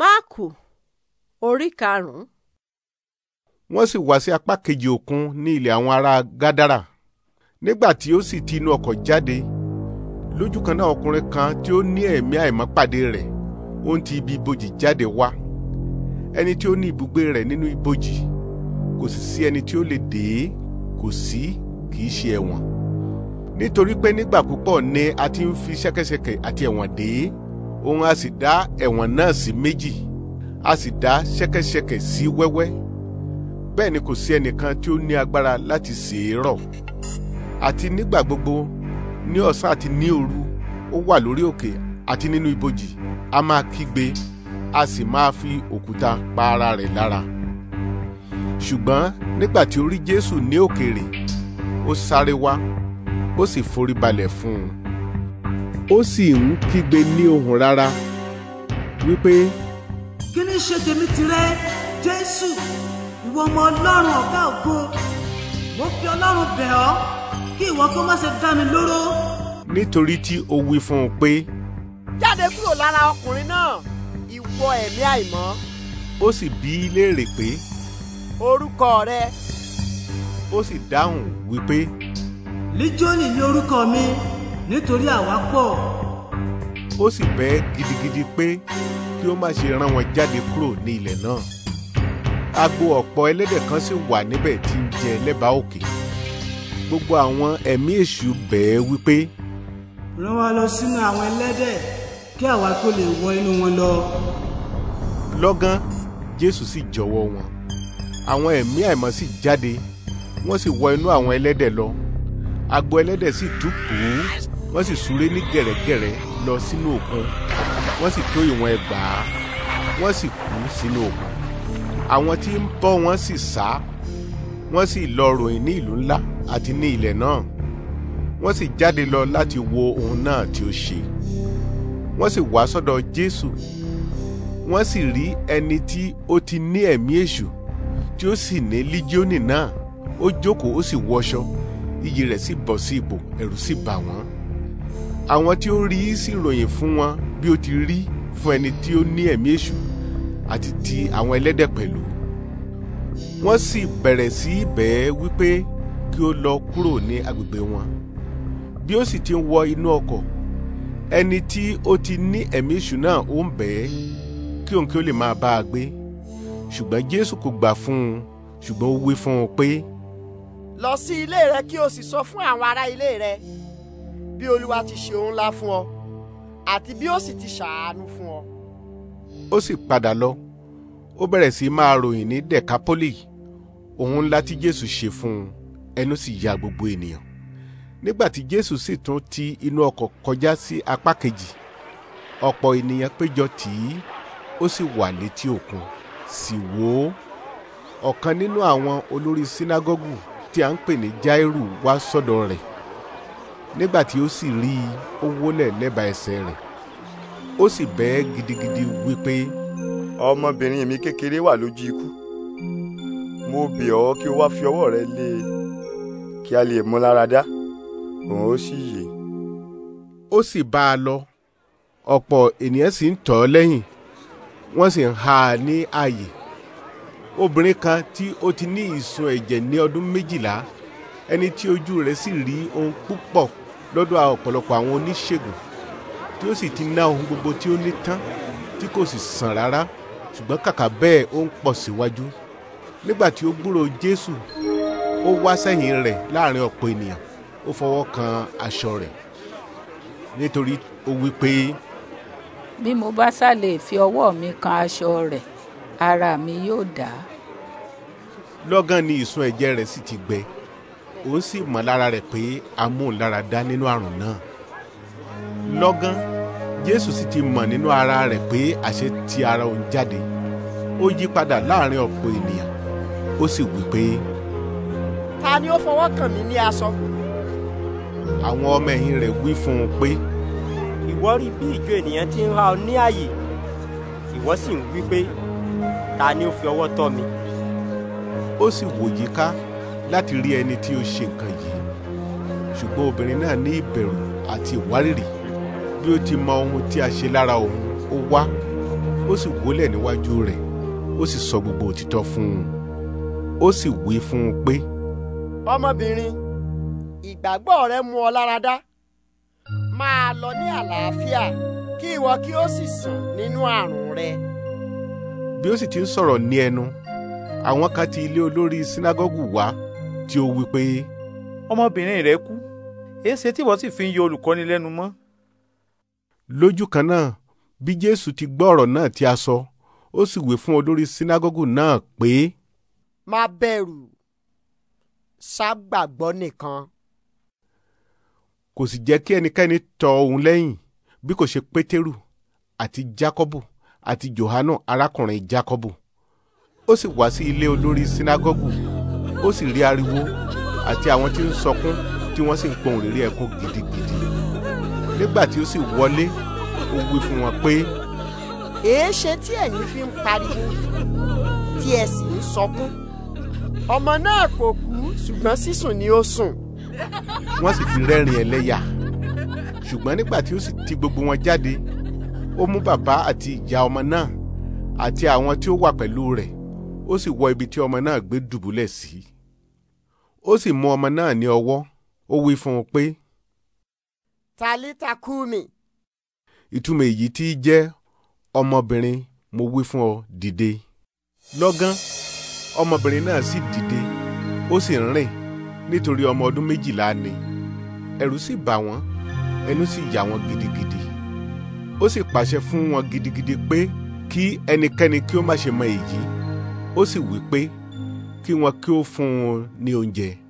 máàkù orí karùn-ún. wọ́n sì wá sí apá kejì òkun ní ilẹ̀ àwọn ará gádàrà nígbà tí ó sì ti inú ọkọ̀ jáde lójú kan náà ọkùnrin kan tí ó ní ẹ̀mí àìmọ́ pàdé rẹ̀ ó ń ti ibi ibojì jáde wá ẹni tí ó ní ibùgbé rẹ̀ nínú ibojì kò sì sí ẹni tí ó lè dè é kò sí kì í ṣe ẹ̀wọ̀n nítorí pé nígbà púpọ̀ ni a ti ń fi ṣẹ́kẹ́ṣẹkẹ̀ àti ẹ̀wọ̀n dè é òun a sì dá ẹ̀wọ̀n náà sí méjì a sì dá ṣẹ́kẹ́ṣẹkẹ̀ sí wẹ́wẹ́ bẹ́ẹ̀ ni kò sí ẹnìkan tí ó ní agbára láti sè é rọ̀ àti nígbà gbogbo ní ọ̀sán àti ní òru ó wà lórí òkè àti nínú ibojì a máa kígbe a sì máa fi òkúta pa ara rẹ̀ lára ṣùgbọ́n nígbà tí ó rí Jésù ní òkèèrè ó sáré wá ó sì foríbalẹ̀ fún un ó sì ń kígbe ní ohùn rárá wípé. kí ni ṣe tèmi tirẹ̀ jésù ìwọ ọmọ ọlọ́run ọ̀gá ògo mo fi ọlọ́run bẹ̀ ọ́ kí ìwọ kó má ṣe dá mi lóró. nítorí tí o wí fún un pé. jáde kúrò lára ọkùnrin náà ìwọ ẹ̀mí àìmọ́. ó sì bí i léèrè pé. orúkọ rẹ. ó sì dáhùn wípé. líjónì ni orúkọ mi nítorí àwa pọ̀. ó sì bẹ́ gidigidi pé kí ó má ṣe rán wọn jáde kúrò ní ilẹ̀ náà agbo ọ̀pọ̀ ẹlẹ́dẹ̀ kan sì wà níbẹ̀ tí ń jẹ lẹ́bàá òkè gbogbo àwọn ẹ̀mí èṣù bẹ́ẹ̀ wípé. rán wa lọ sínú àwọn ẹlẹ́dẹ̀ kí àwa kó lè wọ inú wọn lọ. lọ́gán jésù sì jọ̀wọ́ wọn àwọn ẹ̀mí àìmọ́ sì jáde wọ́n sì wọ inú àwọn ẹlẹ́dẹ̀ lọ agbo ẹlẹ́dẹ̀ sì dúpọ̀ wọ́n sì súré ní gẹ̀rẹ́gẹ̀rẹ́ lọ sínú òkun wọ́n sì tó ìwọ̀n ẹgbàá wọ́n sì kú sínú òkun àwọn tí ń bọ́ wọn sì sá wọ́n sì lọ ròyìn ní ìlú ńlá àti ní ilẹ̀ náà wọ́n sì jáde lọ láti wo ohun náà tí ó ṣe wọ́n sì wá sọ́dọ̀ Jésù wọ́n sì rí ẹni tí ó ti ní ẹ̀mí èṣù tí ó sì ní lígíọ́nì náà ó jókòó ó sì wọṣọ iyì rẹ̀ sì bọ́ sí ibò ẹ̀rù sì bà wọ́n àwọn tí ó rí i sì ròyìn fún wọn bí ó ti rí fún ẹni tí ó ní ẹ̀mí èṣù àti ti àwọn ẹlẹ́dẹ̀ pẹ̀lú wọ́n sì bẹ̀rẹ̀ sí í bẹ̀ ẹ́ wípé kí ó lọ kúrò ní agbègbè wọn bí ó sì ti ń wọ inú ọkọ̀ ẹni tí ó ti ní ẹ̀mí èṣù náà ó ń bẹ̀ kí òun kí ó lè máa bá a gbé ṣùgbọ́n Jésù kò gbà fún un ṣùgbọ́n ó wí fún un pé. lọ sí ilé rẹ kí o sì sọ fún àwọn ará ilé rẹ bí olúwa ti ṣe ohun ńlá fún ọ àti bí ó sì ti ṣàánú fún ọ. ó sì padà lọ ó bẹ̀rẹ̀ sí máa ròyìn ní Decapoli ohun ńlá tí Jésù ṣe fún un ẹnu sì ya gbogbo ènìyàn nígbà tí Jésù sì tún ti inú ọkọ̀ kọjá sí apá kejì ọ̀pọ̀ ènìyàn péjọ tì í ó sì wà létí òkun sì wò ó ọ̀kan nínú àwọn olórí sínágọ́gù tí a ń pè ní Jáírù wá sọ́dọ̀ rẹ̀ nígbà tí ó sì rí i ó wólẹ̀ lẹ́bàá ẹsẹ̀ rẹ̀ ó sì bẹ́ẹ̀ gidigidi wípé. ọmọbìnrin mi kékeré wà lójú ikú mo bẹ̀ ọ́ kí o wá fi ọwọ́ rẹ lé e kí a lè mú lára dá òun ó sì yè. ó sì bá a lọ ọ̀pọ̀ ènìyàn sì ń tọ̀ ọ́ lẹ́yìn wọ́n sì ń há a ní ààyè obìnrin kan tí ó ti ní ìsun ẹ̀jẹ̀ ní ọdún méjìlá ẹni tí ojú rẹ̀ sì rí ohun púpọ̀ lọ́dọ̀ ọ̀pọ̀lọpọ̀ àwọn oníṣègùn tí ó sì ti ná ohun gbogbo tí ó ní tán tí kò sì sàn rárá ṣùgbọ́n kàkà bẹ́ẹ̀ ó ń pọ̀ síwájú nígbà tí ó gbúrò Jésù ó wá sẹ́yìn rẹ̀ láàrin ọ̀pọ̀ ènìyàn ó fọwọ́ kan aṣọ rẹ̀ nítorí ó wí pé. bí mo bá sá fi ọwọ́ mi kan aṣọ rẹ̀ ara mi yóò dá. lọ́gán ni ìsun ẹ̀jẹ̀ rẹ̀ sì ti gbẹ ó sì mọ̀ lára rẹ̀ pé amóhùnláradá nínú àrùn náà lọ́gán jésù sì ti mọ̀ nínú ara rẹ̀ pé àṣẹ ti ara òun jáde ó yí padà láàrin ọ̀pọ̀ ènìyàn ó sì wí pé. ta ni ó fọwọ́ kàn mí ní aṣọ. àwọn ọmọ ẹ̀yìn rẹ̀ wí fún un pé. ìwọ rí bí ìjọ ènìyàn ti ń há ọ ní àyè ìwọ sì ń wí pé ta ni ó fi ọwọ́ tọ́ mi. ó sì wòye ká. Si láti rí ẹni tí ó ṣe nǹkan yìí ṣùgbọ́n obìnrin náà ní ìbẹ̀rù àti ìwárìrì bí ó ti mọ ohun tí a ṣe lára òun ó wá ó sì wólẹ̀ níwájú rẹ̀ ó sì sọ gbogbo òtítọ́ fún un ó sì wí fún un pé. ọmọbìnrin ìgbàgbọ́ rẹ mú ọ lára dá máa lọ ní àlàáfíà kí ìwọ kí ó sì sùn nínú àrùn rẹ. bí ó sì ti ń sọ̀rọ̀ ní ẹnu àwọn kan ti ilé olórí sinagogu wá tí ó wí pé. ọmọbìnrin rẹ kú èéṣe tí ìwọ sì fi ń yọ olùkọ́ni lẹ́nu mọ́. lójú kan náà bí jésù ti gbọ́ ọ̀rọ̀ náà tí a sọ ó sì wí fún olórí sínágọ́gù náà pé. má bẹ̀rù ṣàgbàgbọ́ nìkan. kò sì jẹ́ kí ẹnikẹ́ni tọ̀ òun lẹ́yìn bí kò ṣe pétérù àti jákọ́bù àti johanu arákùnrin jákọ́bù ó sì wá sí ilé olórí sínágọ́gù ó sì rí ariwo àti àwọn tí ń sọkún tí wọ́n sì ń pohùn réré ẹkún gidigidi nígbà tí ó sì wọlé ó wí fún wọn pé. èéṣe tí ẹ̀yin fi ń pariwo tí ẹ sì ń sọkún ọmọ náà kò kú ṣùgbọ́n sísùn ni ó sùn. wọ́n sì fi rẹ́rìn ẹlẹ́yà ṣùgbọ́n nígbà tí ó sì ti gbogbo wọn jáde ó mú bàbá àti ìyá ọmọ náà àti àwọn tí ó wà pẹ̀lú rẹ̀ ó sì wọ ibi tí ọmọ náà gbé dùbúlẹ̀ sí ó sì mú ọmọ náà ní ọwọ́ ó wí fún un pé. tálítà kúmi. ìtumọ̀ èyí tí í jẹ́ ọmọbìnrin mo wí fún ọ dìde lọ́gán ọmọbìnrin náà sì dìde ó sì rìn nítorí ọmọ ọdún méjìlá ni ẹ̀rù sì bà wọ́n ẹnu sì yà wọ́n gidigidi ó sì pàṣẹ fún wọn gidigidi pé kí ẹnikẹ́ni kí ó má ṣe mọ èyí. E ó sì wí pé kí wọn kí ó fún un ní oúnjẹ.